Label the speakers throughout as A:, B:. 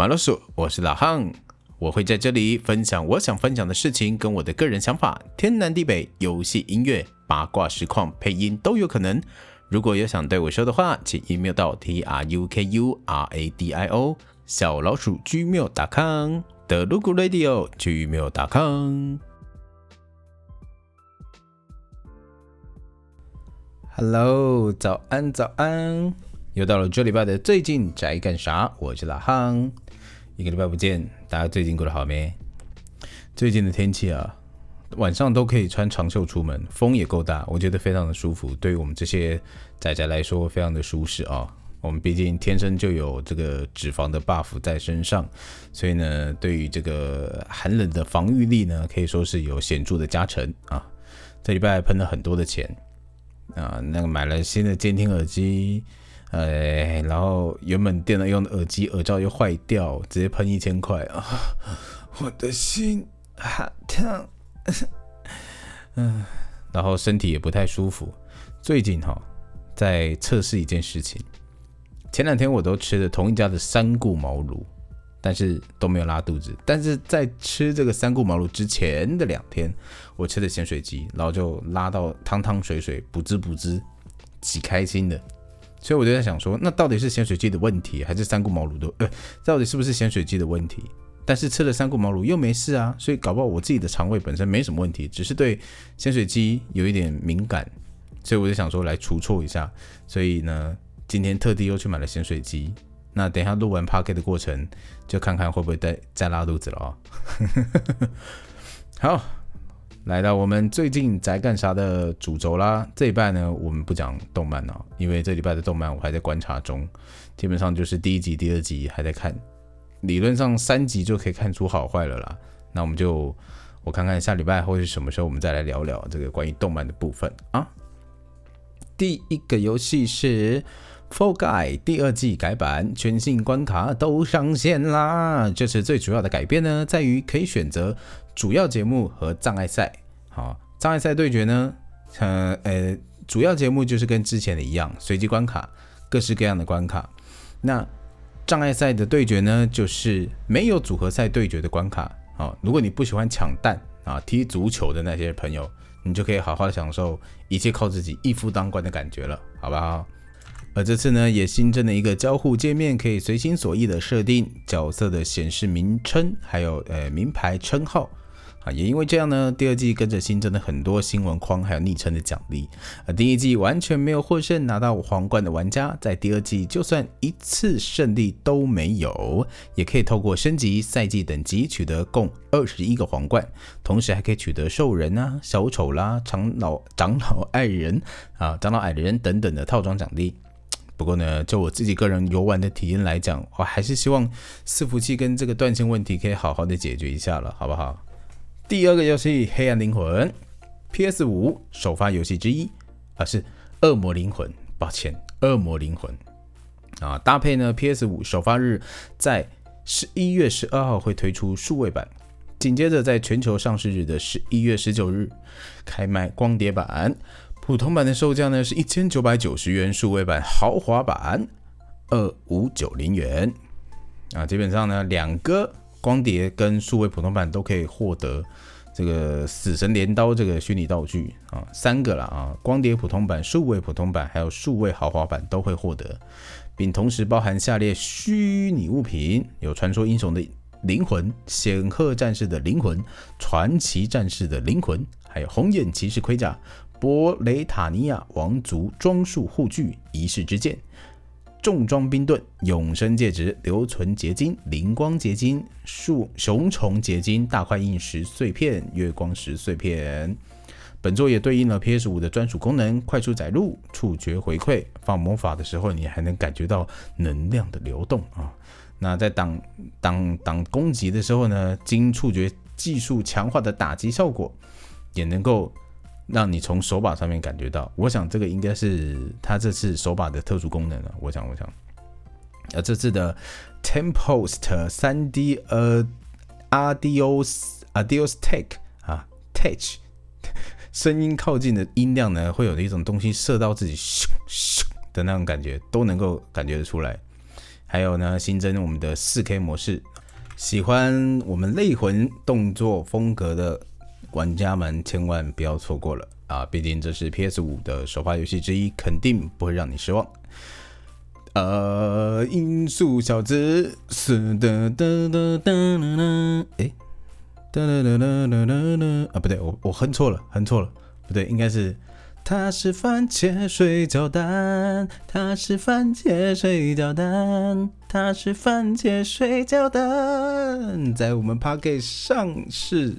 A: 馬老鼠，我是老漢，我會在這裡分享我想分享的事情跟我的個人想法，天南地北、遊戲、音樂、八卦、實況、配音都有可能。如果有想對我說的話，請 email 到 t r u k u r a d i o 小老鼠 gmail.com 的 look radio gmail.com。Hello，早安，早安，又到了這禮拜的最近宅幹啥？我是老漢。一個禮拜不見，大家最近過得好沒？最近的天氣啊，晚上都可以穿長袖出門，風也夠大，我覺得非常的舒服，對於我們這些宅宅來說非常的舒適啊。我們畢竟天生就有這個脂肪的 buff 在身上，所以呢，對於這個寒冷的防禦力呢，可以說是有顯著的加成啊。這禮拜噴了很多的錢啊，那個買了新的監聽耳機。哎，然後原本電腦用的耳機耳罩又壞掉，直接噴一千塊啊，哦！我的心好痛。嗯，然後身體也不太舒服。最近哈、哦，在測試一件事情。前兩天我都吃的同一家的三顧茅廬，但是都沒有拉肚子。但是在吃這個三顧茅廬之前的兩天，我吃的鹹水雞，然後就拉到湯湯水水，補汁補汁，幾開心的。所以我就在想說，那到底是鹹水雞的問題，還是三顧茅廬的？呃，到底是不是鹹水雞的問題？但是吃了三顧茅廬又沒事啊，所以搞不好我自己的腸胃本身沒什麼問題，只是對鹹水雞有一點敏感。所以我就想說，來除臭一下。所以呢，今天特地又去買了鹹水雞。那等一下錄完 pocket 的過程，就看看會不會再再拉肚子了啊。 好。來到我們最近在幹啥的主軸啦，這一半呢我們不講動漫了，因為這禮拜的動漫我還在觀察中，基本上就是第一集、第二集還在看，理論上三集就可以看出好壞了啦。那我們就我看看下禮拜或是什麼時候我們再來聊聊這個關於動漫的部分啊。第一個遊戲是《Fall Guys》第二季改版，全新關卡都上線啦。這次最主要的改變呢，在於可以選擇。主要節目和障礙賽，好，障礙賽對決呢？呃呃、欸，主要節目就是跟之前的一樣，隨機關卡，各式各樣的關卡。那障礙賽的對決呢，就是沒有組合賽對決的關卡。好，如果你不喜歡搶蛋啊、踢足球的那些朋友，你就可以好好享受一切靠自己一夫當關的感覺了，好不好？而這次呢，也新增了一個交互界面，可以隨心所欲的設定角色的顯示名稱，還有呃名牌稱號。啊，也因為這樣呢，第二季跟着新增了很多新聞框，還有昵稱的獎勵。啊，第一季完全沒有獲勝拿到皇冠的玩家，在第二季就算一次勝利都沒有，也可以透過升級賽季等級取得共二十一個皇冠，同時還可以取得獸人啊、小丑啦、長老、長老愛人啊、長老矮人等等的套裝獎勵。不過呢，就我自己個人遊玩的體驗來講，我還是希望伺服器跟這個斷線問題可以好好的解決一下了，好不好？第二個遊戲《黑暗靈魂》，PS 五首發遊戲之一啊，是《惡魔靈魂》，抱歉，《惡魔靈魂》啊，搭配呢，PS 五首發日在十一月十二號會推出數位版，緊接着在全球上市日的十一月十九日開賣光碟版，普通版的售價呢是一千九百九十元，數位版豪華版二五九零元，啊，基本上呢兩個。光碟跟數位普通版都可以獲得這個死神鐮刀這個虛擬道具啊，三個了啊！光碟普通版、數位普通版還有數位豪華版都會獲得，並同時包含下列虛擬物品：有傳說英雄的靈魂、顯赫戰士的靈魂、傳奇戰士的靈魂，還有紅眼騎士盔甲、博雷塔尼亞王族裝束護具、儀式之劍。重裝冰盾、永生戒指、留存結晶、靈光結晶、樹熊蟲結晶、大塊硬石碎片、月光石碎片。本作也對應了 PS 五的專屬功能：快速載入、觸覺回饋。放魔法的時候，你還能感覺到能量的流動啊。那在擋擋擋攻擊的時候呢，經觸覺技術強化的打擊效果，也能夠。讓你從手把上面感覺到，我想這個應該是它這次手把的特殊功能了。我想，我想，而這次的 Tempest 3D，呃、Audio, Audio Tech, 啊，這次的 Tempest 3D Audio Tech 啊 Tech 聲音靠近的音量呢，會有一種東西射到自己咻咻的那種感覺，都能夠感覺得出來。還有呢，新增我們的四 K 模式，喜歡我們類魂動作風格的，玩家們千萬不要錯過了啊！畢竟這是 PS 五的首發遊戲之一，肯定不會讓你失望。呃，音速小子，噠噠噠噠噠噠，哎，噠噠噠噠噠噠，啊，不對，我我哼錯了，哼錯了，不對，應該是他是番茄水餃蛋，他是番茄水餃蛋，他是番茄水餃蛋，在我們 Party 上市。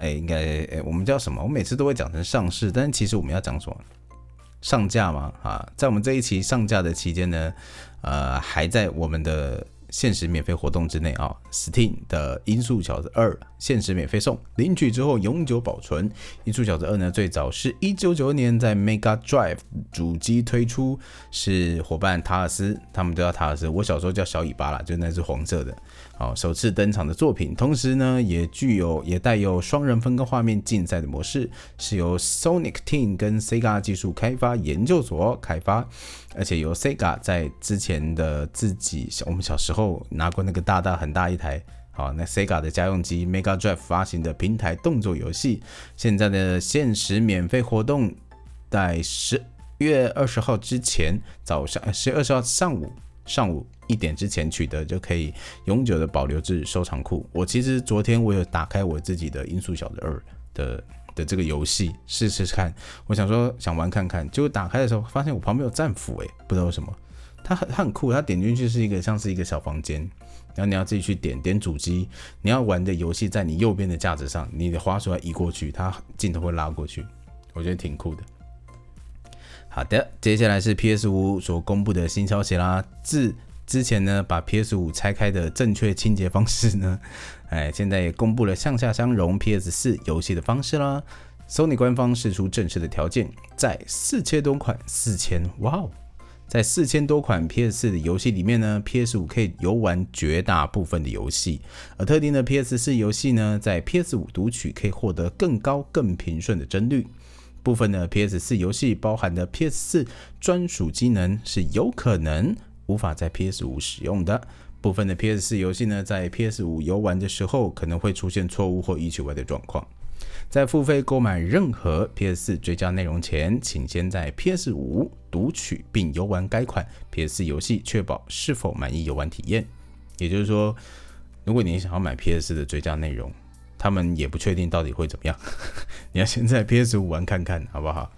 A: 哎、欸，應該哎、欸欸，我們叫什麼？我們每次都會講成上市，但是其實我們要講什麼？上架嘛？啊，在我們這一期上架的期間呢，呃，還在我們的。限時免費活動之內啊，Steam 的《音速小子2》限時免費送，領取之後永久保存。《音速小子2》呢，最早是一九九二年在 Mega Drive 主機推出，是伙伴塔爾斯，他們都叫塔爾斯，我小時候叫小尾巴啦，就那隻黃色的。好，首次登場的作品，同時呢也具有也帶有雙人分割畫面競賽的模式，是由 Sonic Team 跟 Sega 技術開發研究所開發。而且由 Sega 在之前的自己，我們小時候拿過那個大大很大一台，好，那 Sega 的家用機 Mega Drive 發行的平台動作遊戲。現在的限時免費活動，在十月二十號之前早上，十月二十號上午上午一點之前取得就可以永久的保留至收藏庫。我其實昨天我有打開我自己的《音速小子二》的。的這個遊戲試試看，我想說想玩看看，結果打開的時候發現我旁邊有戰斧、欸，哎，不知道為什麼，它很它很酷，它點進去是一個像是一個小房間，然後你要自己去點點主機，你要玩的遊戲在你右邊的架子上，你的滑鼠要移過去，它鏡頭會拉過去，我覺得挺酷的。好的，接下來是 PS5 所公布的新消息啦，自。之前呢，把 PS 五拆開的正確清潔方式呢，哎，現在也公布了向下相容 PS 四遊戲的方式啦。Sony 官方釋出正式的條件，在四千多款四千，哇哦，在四千多款 PS 四的遊戲裡面呢，PS 五可以遊玩絕大部分的遊戲，而特定的 PS 四遊戲呢，在 PS 五讀取可以獲得更高、更平順的幀率。部分的 PS 四遊戲包含的 PS 四專屬機能是有可能無法在 PS 五使用的部分的 PS 四遊戲呢，在 PS 五遊玩的時候可能會出現錯誤或異外的狀況。在付費購買任何 PS 四追加內容前，請先在 PS 五讀取並遊玩該款 PS 四遊戲，確保是否滿意遊玩體驗。也就是說，如果你想要買 PS 四的追加內容，他們也不確定到底會怎麼樣。 你要先在 PS 五玩看看，好不好？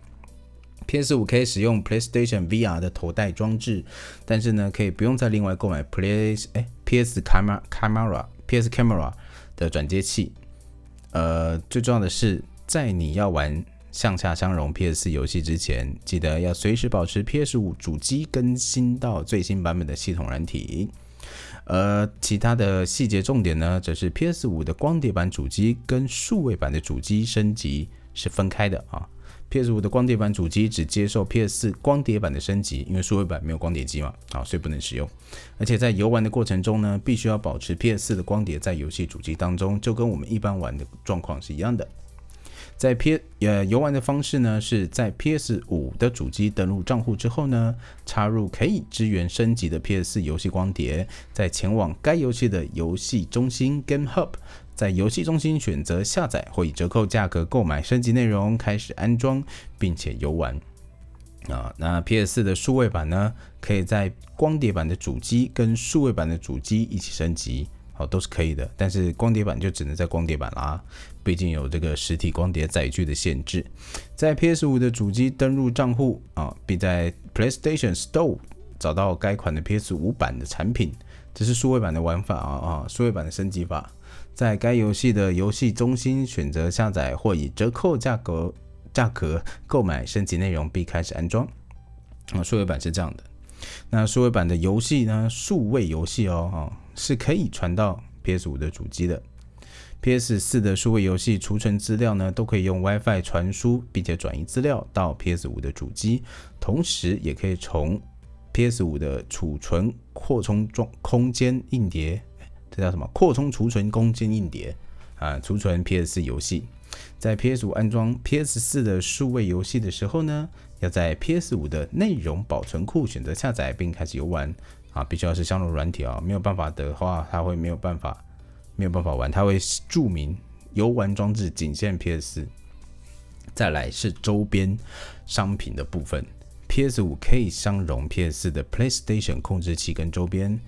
A: PS5 可以使用 PlayStation VR 的頭戴裝置，但是呢，可以不用再另外購買 Play 哎、欸、PS camera camera PS camera 的轉接器。呃，最重要的是，在你要玩向下相容 PS4 遊戲之前，記得要隨時保持 PS5 主機更新到最新版本的系統軟體。呃，其他的細節重點呢，則是 PS5 的光碟版主機跟數位版的主機升級是分開的啊。PS5 的光碟版主機只接受 PS4 光碟版的升級，因為數位版沒有光碟機嘛，啊，所以不能使用。而且在遊玩的過程中呢，必須要保持 PS4 的光碟在遊戲主機當中，就跟我們一般玩的狀況是一樣的。在 PS 呃遊玩的方式呢，是在 PS 五的主機登錄賬戶之後呢，插入可以支援升級的 PS 四遊戲光碟，再前往該遊戲的遊戲中心 Game Hub，在遊戲中心選擇下載或以折扣價格購買升級內容，開始安裝並且遊玩。啊，那 PS 四的數位版呢，可以在光碟版的主機跟數位版的主機一起升級。都是可以的，但是光碟版就只能在光碟版啦，畢竟有這個實體光碟載具的限制。在 PS 五的主機登入賬戶啊，並在 PlayStation Store 找到該款的 PS 五版的產品，這是數位版的玩法啊啊，數位版的升級法。在該遊戲的遊戲中心選擇下載或以折扣價格價格購買升級內容，並開始安裝。啊，數位版是這樣的。那數位版的遊戲呢？數位遊戲哦哈。啊是可以傳到 PS 五的主機的。PS 四的數位遊戲儲存資料呢，都可以用 WiFi 傳輸，並且轉移資料到 PS 五的主機，同時也可以從 PS 五的儲存擴充中空間硬碟，這叫什麼？擴充儲存空間硬碟啊，儲存 PS 四遊戲。在 PS 五安裝 PS 四的數位遊戲的時候呢，要在 PS 五的內容保存庫選擇下載並開始遊玩。啊，必須要是相容軟體啊，沒有辦法的話，它會沒有辦法，沒有辦法玩，它會註明遊玩裝置僅限 PS 四。再來是周邊商品的部分，PS 五可以相容 PS 四的 PlayStation 控制器跟周邊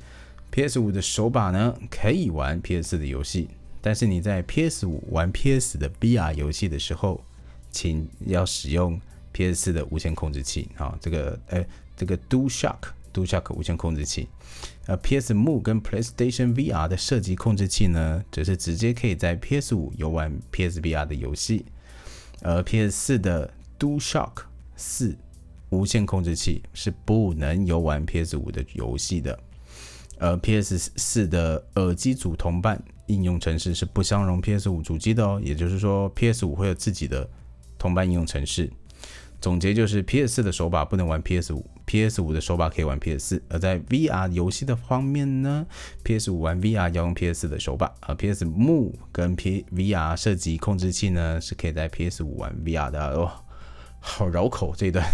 A: ，PS 五的手把呢，可以玩 PS 四的遊戲，但是你在 PS 五玩 PS 四的 VR 遊戲的時候，請要使用 PS 四的無線控制器啊，這個誒、欸，這個 DualShock DualShock 無線控制器，呃，PS Move 跟 PlayStation VR 的射擊控制器呢，則是直接可以在 PS5 遊玩 PSVR 的遊戲，而 PS4 的 DualShock 4無線控制器是不能遊玩 PS5 的遊戲的，而 PS4 的耳機組同伴應用程式是不相容 PS5 主機的哦，也就是說 PS5 會有自己的同伴應用程式。總結就是 PS4 的手把不能玩 PS5。PS5 的手把可以玩 PS4，而在 VR 遊戲的方面呢，PS5 玩 VR 要用 PS4 的手把，啊 PS Move 跟 PVR 射擊控制器呢，是可以在 PS5 玩 VR 的。哦，好繞口這一段，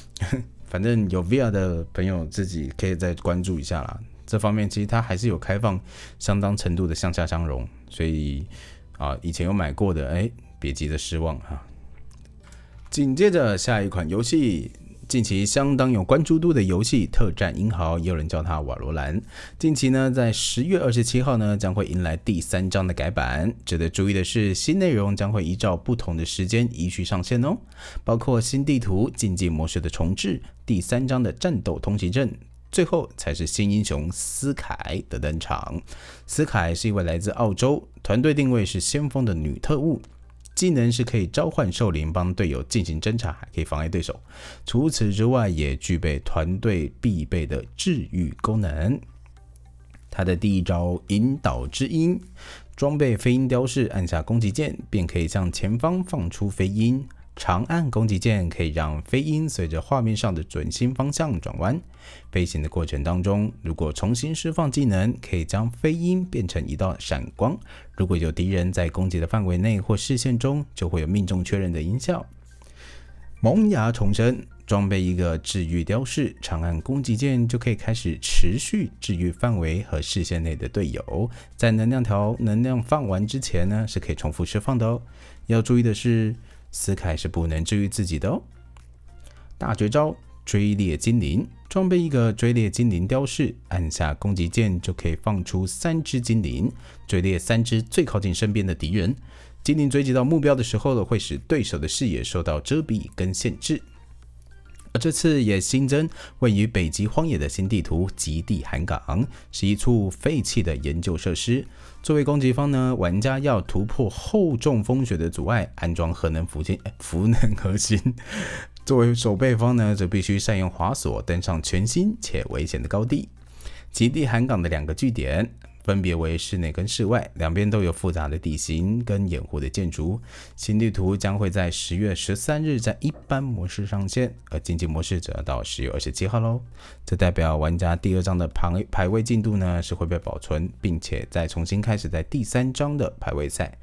A: 反正有 VR 的朋友自己可以再關注一下啦，這方面其實它還是有開放相當程度的向下相容，所以啊，以前有買過的哎，別急着失望哈、啊。緊接着下一款遊戲。近期相當有關注度的遊戲《特戰英豪》，也有人叫它《瓦羅蘭》。近期呢，在十月二十七號呢，將會迎來第三章的改版。值得注意的是，新內容將會依照不同的時間依序上線哦，包括新地圖、競技模式的重置、第三章的戰鬥通行證，最後才是新英雄斯凱的登場。斯凱是一位來自澳洲、團隊定位是先鋒的女特務。技能是可以召喚獸靈幫隊友進行偵查，還可以妨礙對手。除此之外，也具備團隊必備的治癒功能。他的第一招“引導之音”，裝備飛鷹雕飾，按下攻擊鍵便可以向前方放出飛鷹。長按攻擊鍵可以讓飛鷹隨着畫面上的準心方向轉彎。飛行的過程當中，如果重新釋放技能，可以將飛鷹變成一道閃光。如果有敵人在攻擊的範圍內或視線中，就會有命中確認的音效。萌芽重生，裝備一個治癒雕飾，長按攻擊鍵就可以開始持續治癒範圍和視線內的隊友。在能量條能量放完之前呢，是可以重複釋放的哦。要注意的是，斯凱是不能治癒自己的哦。大絕招追獵精靈，裝備一個追獵精靈雕飾，按下攻擊鍵就可以放出三隻精靈，追獵三隻最靠近身邊的敵人。精靈追擊到目標的時候呢，會使對手的視野受到遮蔽跟限制。而這次也新增位於北極荒野的新地圖——極地寒港，是一處廢棄的研究設施。作為攻擊方呢，玩家要突破厚重風雪的阻礙，安裝核能組件、核、欸、核能核心。作為守備方呢，則必須善用滑索登上全新且危險的高地。極地寒港的兩個據點。分別為室內跟室外，兩邊都有複雜的地形跟掩護的建築。新地圖將會在十月十三日在一般模式上線，而競技模式則到十月二十七號嘍。這代表玩家第二章的排排位進度呢是會被保存，並且再重新開始在第三章的排位賽。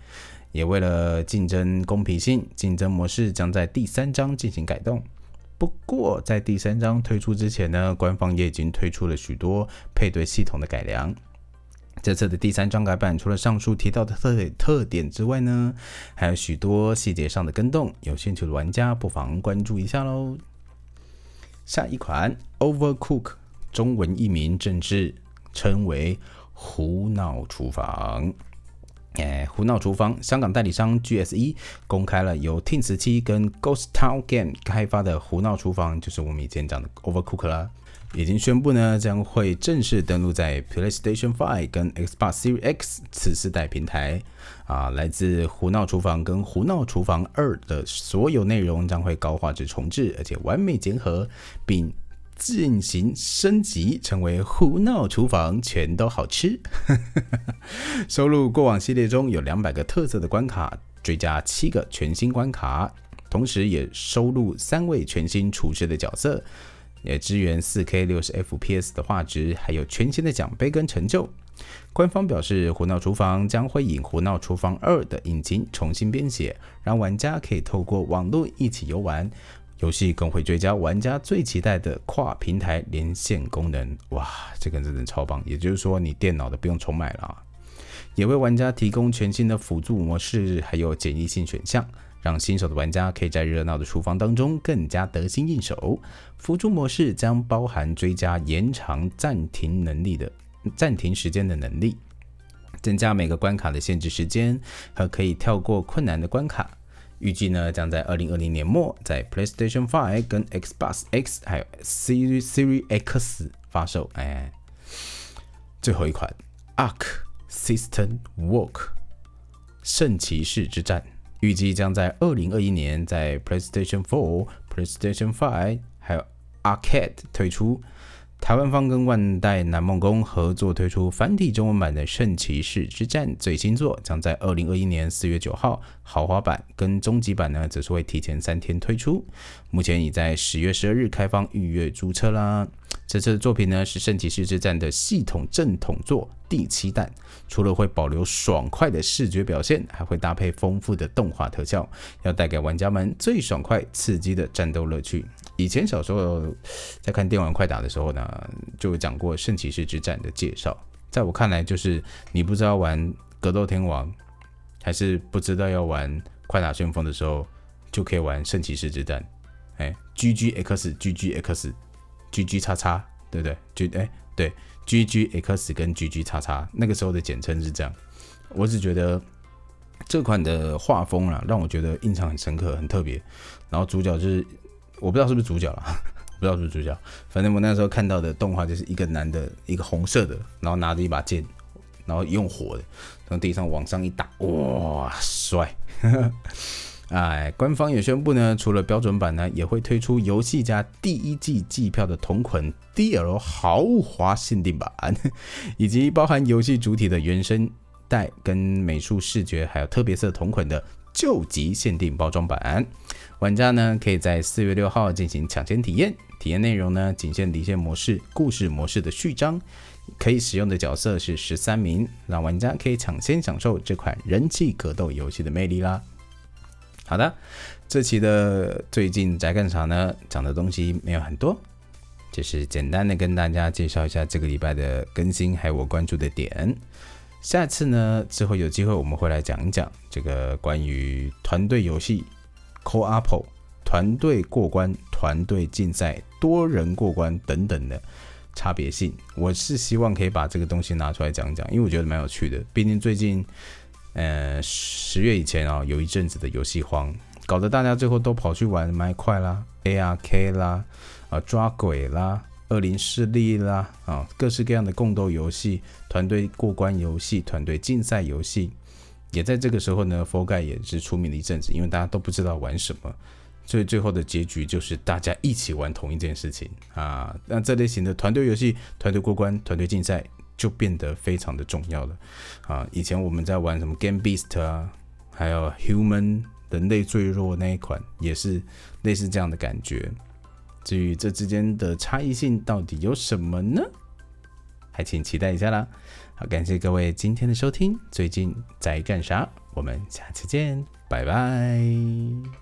A: 也為了競爭公平性，競爭模式將在第三章進行改動。不過在第三章推出之前呢，官方也已經推出了許多配對系統的改良。這次的第三章改版，除了上述提到的特特點之外呢，還有許多細節上的更動，有興趣的玩家不妨關注一下嘍。下一款 Overcook，中文譯名正式，稱為“胡鬧廚房”。哎，胡鬧廚房，香港代理商 GSE 公開了由 Team17 跟 Ghost Town Game 開發的《胡鬧廚房》，就是我們以前講的 Overcook 啦。已經宣布呢，將會正式登陸在 PlayStation 5跟 Xbox Series X 次世代平台。啊，來自《胡鬧廚房》跟《胡鬧廚房2》的所有內容將會高畫質重製，而且完美結合，並進行升級，成為《胡鬧廚房全都好吃。》 收錄過往系列中有兩百個特色的關卡，追加七個全新關卡，同時也收錄三位全新廚師的角色。也支援 4K 60FPS 的畫質，還有全新的獎盃跟成就。官方表示，《胡鬧廚房》將會以《胡鬧廚房2》的引擎重新編寫，讓玩家可以透過網絡一起遊玩。遊戲更會追加玩家最期待的跨平台連線功能。哇，這個真的超棒！也就是說，你電腦都不用重買了，也為玩家提供全新的輔助模式，還有簡易性選項。讓新手的玩家可以在熱鬧的廚房當中更加得心應手。輔助模式將包含追加、延長、暫停能力的暫停時間的能力，增加每個關卡的限制時間和可以跳過困難的關卡。預計呢將在二零二零年末在 PlayStation Five 跟 Xbox X 還有 Series Series X 發售。哎，哎，最後一款 Arc System Works 聖騎士之戰。預計將在二零二一年在 PlayStation 4、PlayStation 5，還有 Arcade 推出。臺灣方跟萬代南夢宮合作推出繁體中文版的《聖騎士之戰》最新作，將在二零二一年四月九號，豪華版跟終極版呢，則是會提前三天推出。目前已在十月十二日開放預約註冊啦。這次的作品呢，是《聖騎士之戰》的系統正統作第七彈，除了會保留爽快的視覺表現，還會搭配豐富的動畫特效，要帶給玩家們最爽快、刺激的戰鬥樂趣。以前小時候在看電玩快打的時候呢，就有講過《聖騎士之戰》的介紹。在我看來，就是你不知道玩格鬥天王，還是不知道要玩快打旋風的時候，就可以玩《聖騎士之戰》。哎，G G X G G X。GG X X, 對對 G G 叉叉，對不對？G 哎，對，G G X 跟 G G 叉叉，那個時候的簡稱是這樣。我只覺得這款的畫風啊，讓我覺得印象很深刻，很特別。然後主角就是，我不知道是不是主角了，我不知道是不是主角。反正我那時候看到的動畫就是一個男的，一個紅色的，然後拿着一把劍，然後用火的從地上往上一打，哇、哦，帥！ 哎，官方也宣布呢，除了標準版呢，也會推出遊戲加第一季季票的同款 DL 豪華限定版，以及包含遊戲主體的原聲帶跟美術視覺，還有特別色同款的究極限定包裝版。玩家呢可以在四月六號進行搶先體驗，體驗內容呢僅限離線模式、故事模式的序章，可以使用的角色是十三名，讓玩家可以搶先享受這款人氣格鬥遊戲的魅力啦。好的，這期的最近宅幹啥呢？講的東西沒有很多，就是簡單的跟大家介紹一下這個禮拜的更新，還有我關注的點。下次呢，之後有機會我們會來講一講這個關於團隊遊戲、Co-op、團隊過關、團隊競賽、多人過關等等的差別性。我是希望可以把這個東西拿出來講一講，因為我覺得蠻有趣的，畢竟最近。呃十月以前啊、哦，有一陣子的遊戲荒，搞得大家最後都跑去玩麥塊啦、A R K 啦、啊抓鬼啦、惡靈勢力啦啊，各式各樣的共鬥遊戲、團隊過關遊戲、團隊競賽遊戲，也在這個時候呢，Fall Guys 也是出名了一陣子，因為大家都不知道玩什麼，所以最後的結局就是大家一起玩同一件事情啊。那這類型的團隊遊戲、團隊過關、團隊競賽。就變得非常的重要了啊！以前我們在玩什麼 Game Beast 啊，還有 Human 的人類最弱那一款，也是類似這樣的感覺。至於這之間的差異性到底有什麼呢？還請期待一下啦！好，感謝各位今天的收聽，最近在幹啥？我們下期見，拜拜。